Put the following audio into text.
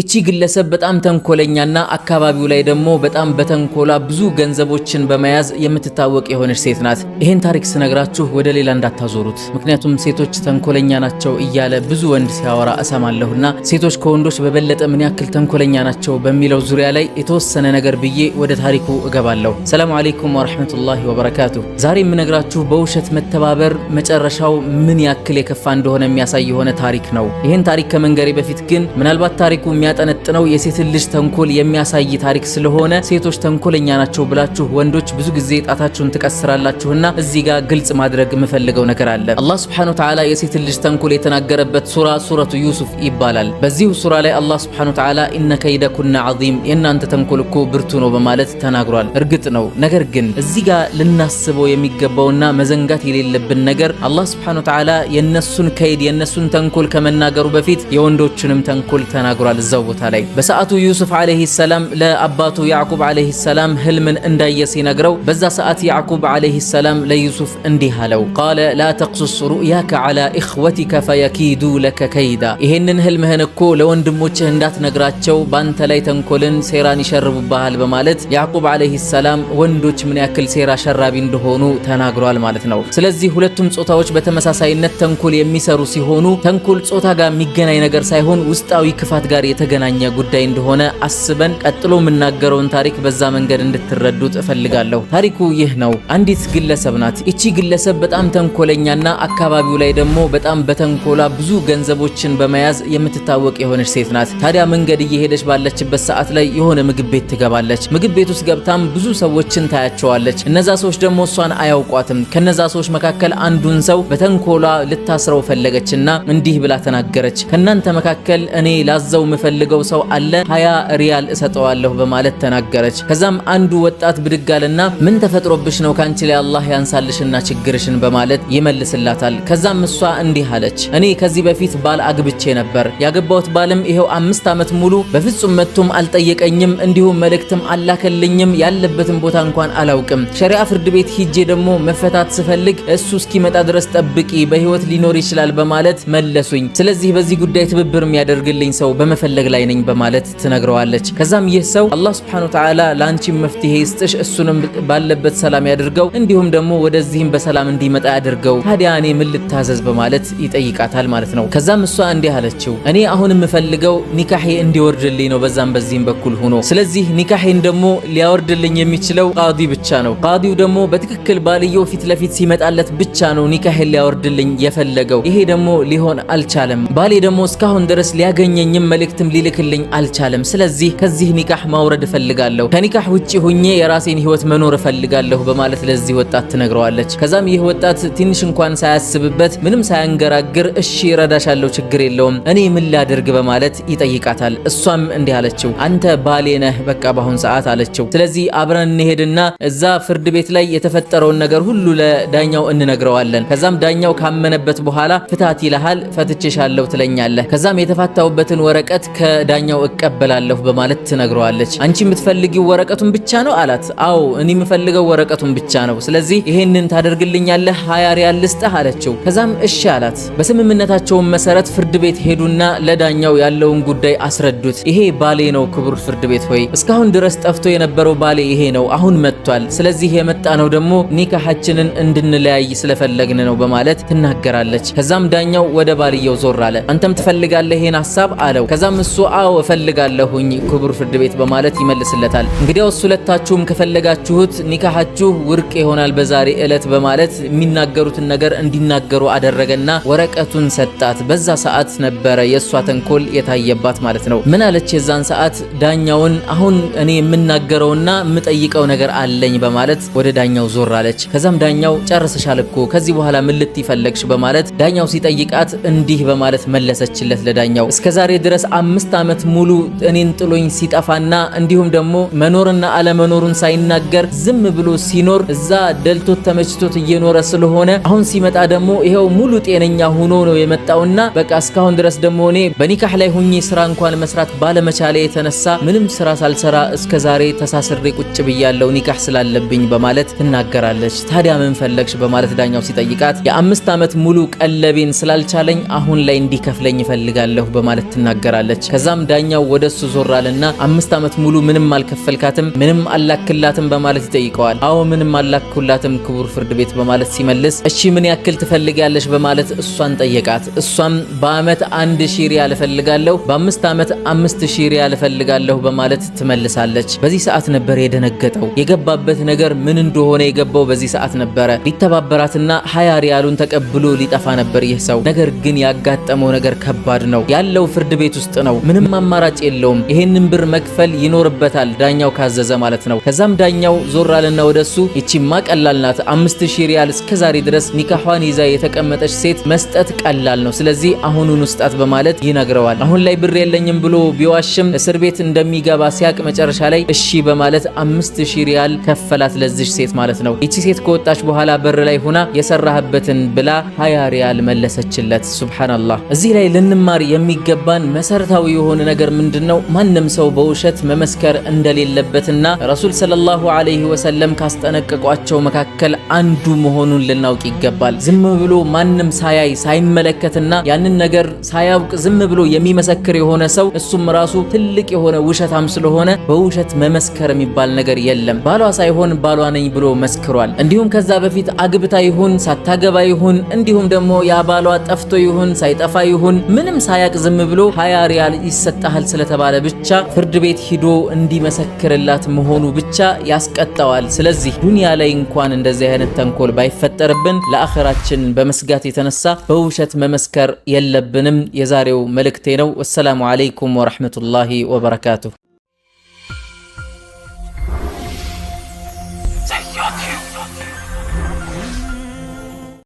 እቺ ግለሰብ በጣም ተንኮለኛና አካባቢው ላይ ደግሞ በጣም በተንኮላ ብዙ ገንዘቦችን በመያዝ የምትታወቅ የሆነች ሴት ናት። ይህን ታሪክ ስነግራችሁ ወደ ሌላ እንዳታዞሩት፣ ምክንያቱም ሴቶች ተንኮለኛ ናቸው እያለ ብዙ ወንድ ሲያወራ እሰማለሁና ሴቶች ከወንዶች በበለጠ ምን ያክል ተንኮለኛ ናቸው በሚለው ዙሪያ ላይ የተወሰነ ነገር ብዬ ወደ ታሪኩ እገባለሁ። ሰላም አለይኩም ወረህመቱላሂ ወበረካቱ። ዛሬ የምነግራችሁ በውሸት መተባበር መጨረሻው ምን ያክል የከፋ እንደሆነ የሚያሳይ የሆነ ታሪክ ነው። ይህን ታሪክ ከመንገሬ በፊት ግን ምናልባት ታሪኩ የሚያጠነጥነው የሴትን ልጅ ተንኮል የሚያሳይ ታሪክ ስለሆነ ሴቶች ተንኮለኛ ናቸው ብላችሁ ወንዶች ብዙ ጊዜ ጣታችሁን ትቀስራላችሁና እዚህ ጋር ግልጽ ማድረግ የምፈልገው ነገር አለ። አላህ ስብሐነ ወተዓላ የሴትን ልጅ ተንኮል የተናገረበት ሱራ ሱረቱ ዩሱፍ ይባላል። በዚሁ ሱራ ላይ አላህ ስብሐነ ወተዓላ ኢነ ከይደኩና ዐዚም የእናንተ ተንኮል እኮ ብርቱ ነው በማለት ተናግሯል። እርግጥ ነው። ነገር ግን እዚህ ጋር ልናስበው የሚገባውና መዘንጋት የሌለብን ነገር አላህ ስብሐነ ወተዓላ የነሱን ከይድ የነሱን ተንኮል ከመናገሩ በፊት የወንዶችንም ተንኮል ተናግሯል። እዛው ቦታ ላይ በሰዓቱ ዩሱፍ ዓለይሂ ሰላም ለአባቱ ያዕቁብ ዓለይሂ ሰላም ህልምን እንዳየ ሲነግረው በዛ ሰዓት ያዕቁብ ዓለይሂ ሰላም ለዩሱፍ እንዲህ አለው፣ ቃለ ላ ተቅሱስ ሩእያከ ዓላ እኽወቲከ ፈየኪዱ ለከ ከይዳ። ይሄንን ህልምህን እኮ ለወንድሞችህ እንዳትነግራቸው ባንተ ላይ ተንኮልን፣ ሴራን ይሸርቡብሃል በማለት ያዕቁብ ዓለይሂ ሰላም ወንዶች ምን ያክል ሴራ ሸራቢ እንደሆኑ ተናግሯል ማለት ነው። ስለዚህ ሁለቱም ጾታዎች በተመሳሳይነት ተንኮል የሚሰሩ ሲሆኑ ተንኮል ጾታ ጋር የሚገናኝ ነገር ሳይሆን ውስጣዊ ክፋት ጋር የተ የተገናኘ ጉዳይ እንደሆነ አስበን ቀጥሎ የምናገረውን ታሪክ በዛ መንገድ እንድትረዱት እፈልጋለሁ። ታሪኩ ይህ ነው። አንዲት ግለሰብ ናት። እቺ ግለሰብ በጣም ተንኮለኛና አካባቢው ላይ ደግሞ በጣም በተንኮላ ብዙ ገንዘቦችን በመያዝ የምትታወቅ የሆነች ሴት ናት። ታዲያ መንገድ እየሄደች ባለችበት ሰዓት ላይ የሆነ ምግብ ቤት ትገባለች። ምግብ ቤት ውስጥ ገብታም ብዙ ሰዎችን ታያቸዋለች። እነዛ ሰዎች ደግሞ እሷን አያውቋትም። ከነዛ ሰዎች መካከል አንዱን ሰው በተንኮላ ልታስረው ፈለገችና እንዲህ ብላ ተናገረች። ከእናንተ መካከል እኔ ላዘው ምፈል የሚፈልገው ሰው አለ ሀያ ሪያል እሰጠዋለሁ በማለት ተናገረች። ከዛም አንዱ ወጣት ብድግ አለና ምን ተፈጥሮብሽ ነው ካንቺ ላይ አላህ ያንሳልሽና ችግርሽን በማለት ይመልስላታል። ከዛም እሷ እንዲህ አለች፣ እኔ ከዚህ በፊት ባል አግብቼ ነበር። ያገባሁት ባልም ይሄው አምስት ዓመት ሙሉ በፍጹም መጥቶም አልጠየቀኝም፣ እንዲሁም መልእክትም አላከልኝም፣ ያለበትን ቦታ እንኳን አላውቅም። ሸሪዓ ፍርድ ቤት ሂጄ ደግሞ መፈታት ስፈልግ እሱ እስኪመጣ ድረስ ጠብቂ፣ በህይወት ሊኖር ይችላል በማለት መለሱኝ። ስለዚህ በዚህ ጉዳይ ትብብር የሚያደርግልኝ ሰው በመፈለግ በማድረግ ላይ ነኝ በማለት ትነግረዋለች። ከዛም ይህ ሰው አላህ ሱብሓነሁ ወተዓላ ለአንቺም መፍትሄ ይስጥሽ፣ እሱንም ባለበት ሰላም ያድርገው፣ እንዲሁም ደግሞ ወደዚህም በሰላም እንዲመጣ ያድርገው። ታዲያ እኔ ምን ልታዘዝ በማለት ይጠይቃታል ማለት ነው። ከዛም እሷ እንዲህ አለችው፣ እኔ አሁን የምፈልገው ኒካሄ እንዲወርድልኝ ነው፣ በዛም በዚህም በኩል ሆኖ። ስለዚህ ኒካሄን ደግሞ ሊያወርድልኝ የሚችለው ቃዲ ብቻ ነው። ቃዲው ደግሞ በትክክል ባልየው ፊት ለፊት ሲመጣለት ብቻ ነው ኒካሄን ሊያወርድልኝ የፈለገው። ይሄ ደግሞ ሊሆን አልቻለም። ባሌ ደግሞ እስካሁን ድረስ ሊያገኘኝም መልእክት የትም ሊልክልኝ አልቻለም። ስለዚህ ከዚህ ኒካህ ማውረድ እፈልጋለሁ፣ ከኒካህ ውጪ ሁኜ የራሴን ህይወት መኖር እፈልጋለሁ በማለት ለዚህ ወጣት ትነግረዋለች። ከዛም ይህ ወጣት ትንሽ እንኳን ሳያስብበት ምንም ሳያንገራግር እሺ ረዳሻለሁ፣ ችግር የለውም እኔ ምን ላድርግ በማለት ይጠይቃታል። እሷም እንዲህ አለችው፣ አንተ ባሌ ነህ በቃ በአሁን ሰዓት አለችው። ስለዚህ አብረን እንሄድና እዛ ፍርድ ቤት ላይ የተፈጠረውን ነገር ሁሉ ለዳኛው እንነግረዋለን። ከዛም ዳኛው ካመነበት በኋላ ፍታት ይልሃል፣ ፈትቼሻለሁ ትለኛለህ። ከዛም የተፋታውበትን ወረቀት ከዳኛው እቀበላለሁ በማለት ትነግረዋለች። አንቺ የምትፈልጊው ወረቀቱን ብቻ ነው አላት። አዎ እኔ የምፈልገው ወረቀቱን ብቻ ነው፣ ስለዚህ ይሄንን ታደርግልኛለህ፣ ሀያ ሪያል ልስጥህ አለችው። ከዛም እሺ አላት። በስምምነታቸውን መሰረት ፍርድ ቤት ሄዱና ለዳኛው ያለውን ጉዳይ አስረዱት። ይሄ ባሌ ነው ክቡር ፍርድ ቤት ሆይ፣ እስካሁን ድረስ ጠፍቶ የነበረው ባሌ ይሄ ነው፣ አሁን መጥቷል። ስለዚህ የመጣ ነው ደግሞ ኒካሃችንን እንድንለያይ ስለፈለግን ነው በማለት ትናገራለች። ከዛም ዳኛው ወደ ባልየው ዞር አለ። አንተም ትፈልጋለህ ይሄን ሀሳብ አለው። ከዛም እሱ አዎ እፈልጋለሁኝ ክቡር ፍርድ ቤት በማለት ይመልስለታል። እንግዲያውስ ሁለታችሁም ከፈለጋችሁት ኒካሃችሁ ውርቅ ይሆናል በዛሬ ዕለት በማለት የሚናገሩትን ነገር እንዲናገሩ አደረገና ወረቀቱን ሰጣት። በዛ ሰዓት ነበረ የእሷ ተንኮል የታየባት ማለት ነው። ምን አለች? የዛን ሰዓት ዳኛውን አሁን እኔ የምናገረውና የምጠይቀው ነገር አለኝ በማለት ወደ ዳኛው ዞር አለች። ከዛም ዳኛው ጨርሰሻል እኮ ከዚህ በኋላ ምን ልትይ ፈለግሽ? በማለት ዳኛው ሲጠይቃት እንዲህ በማለት መለሰችለት ለዳኛው እስከዛሬ ድረስ አምስት ዓመት ሙሉ እኔን ጥሎኝ ሲጠፋና እንዲሁም ደግሞ መኖርና አለመኖሩን ሳይናገር ዝም ብሎ ሲኖር እዛ ደልቶት ተመችቶት እየኖረ ስለሆነ አሁን ሲመጣ ደግሞ ይሄው ሙሉ ጤነኛ ሆኖ ነው የመጣውና በቃ እስካሁን ድረስ ደግሞ እኔ በኒካህ ላይ ሆኜ ስራ እንኳን መስራት ባለመቻለ የተነሳ ምንም ስራ ሳልሰራ እስከ ዛሬ ተሳስሬ ቁጭ ብያለው ኒካህ ስላለብኝ በማለት ትናገራለች። ታዲያ ምን ፈለግሽ በማለት ዳኛው ሲጠይቃት የአምስት ዓመት ሙሉ ቀለቤን ስላልቻለኝ አሁን ላይ እንዲከፍለኝ ይፈልጋለሁ በማለት ትናገራለች። ከዛም ዳኛው ወደ እሱ ዞራልና አምስት ዓመት ሙሉ ምንም አልከፈልካትም፣ ምንም አላክላትም በማለት ይጠይቀዋል። አዎ ምንም አላክኩላትም ክቡር ፍርድ ቤት በማለት ሲመልስ እሺ ምን ያክል ትፈልጊያለሽ በማለት እሷን ጠየቃት። እሷም በአመት አንድ ሺህ ሪያል እፈልጋለሁ፣ በአምስት ዓመት አምስት ሺህ ሪያል እፈልጋለሁ በማለት ትመልሳለች። በዚህ ሰዓት ነበር የደነገጠው። የገባበት ነገር ምን እንደሆነ የገባው በዚህ ሰዓት ነበረ። ሊተባበራትና ሀያ ሪያሉን ተቀብሎ ሊጠፋ ነበር ይህ ሰው። ነገር ግን ያጋጠመው ነገር ከባድ ነው። ያለው ፍርድ ቤት ውስጥ ነው። ነው። ምንም አማራጭ የለውም። ይሄንን ብር መክፈል ይኖርበታል ዳኛው ካዘዘ ማለት ነው። ከዛም ዳኛው ዞር አለና ወደሱ ይቺማ ቀላል ናት፣ አምስት ሺህ ሪያል እስከዛሬ ድረስ ኒካኋን ይዛ የተቀመጠች ሴት መስጠት ቀላል ነው፣ ስለዚህ አሁኑን ውስጣት በማለት ይነግረዋል። አሁን ላይ ብር የለኝም ብሎ ቢዋሽም እስር ቤት እንደሚገባ ሲያቅ መጨረሻ ላይ እሺ በማለት አምስት ሺህ ሪያል ከፈላት ለዚች ሴት ማለት ነው። ይቺ ሴት ከወጣች በኋላ በር ላይ ሆና የሰራህበትን ብላ ሀያ ሪያል መለሰችለት። ሱብሃናላህ እዚህ ላይ ልንማር የሚገባን መሰረታዊ መሰረታዊ የሆነ ነገር ምንድነው? ማንም ሰው በውሸት መመስከር እንደሌለበትና ረሱል ሰለላሁ ዐለይሂ ወሰለም ካስጠነቀቋቸው መካከል አንዱ መሆኑን ልናውቅ ይገባል። ዝም ብሎ ማንም ሳያይ ሳይመለከትና ያንን ነገር ሳያውቅ ዝም ብሎ የሚመሰክር የሆነ ሰው እሱም ራሱ ትልቅ የሆነ ውሸታም ስለሆነ በውሸት መመስከር የሚባል ነገር የለም። ባሏ ሳይሆን ባሏ ነኝ ብሎ መስክሯል። እንዲሁም ከዛ በፊት አግብታ ይሁን ሳታገባ ይሁን እንዲሁም ደግሞ ያ ባሏ ጠፍቶ ይሁን ሳይጠፋ ይሁን ምንም ሳያውቅ ዝም ብሎ ሀያ ሪያል ቃል ይሰጣሃል ስለተባለ ብቻ ፍርድ ቤት ሂዶ እንዲመሰክርላት መሆኑ ብቻ ያስቀጣዋል። ስለዚህ ዱንያ ላይ እንኳን እንደዚህ አይነት ተንኮል ባይፈጠርብን ለአኸራችን በመስጋት የተነሳ በውሸት መመስከር የለብንም። የዛሬው መልእክቴ ነው። ወሰላሙ አለይኩም ወረህመቱላሂ ወበረካቱሁ።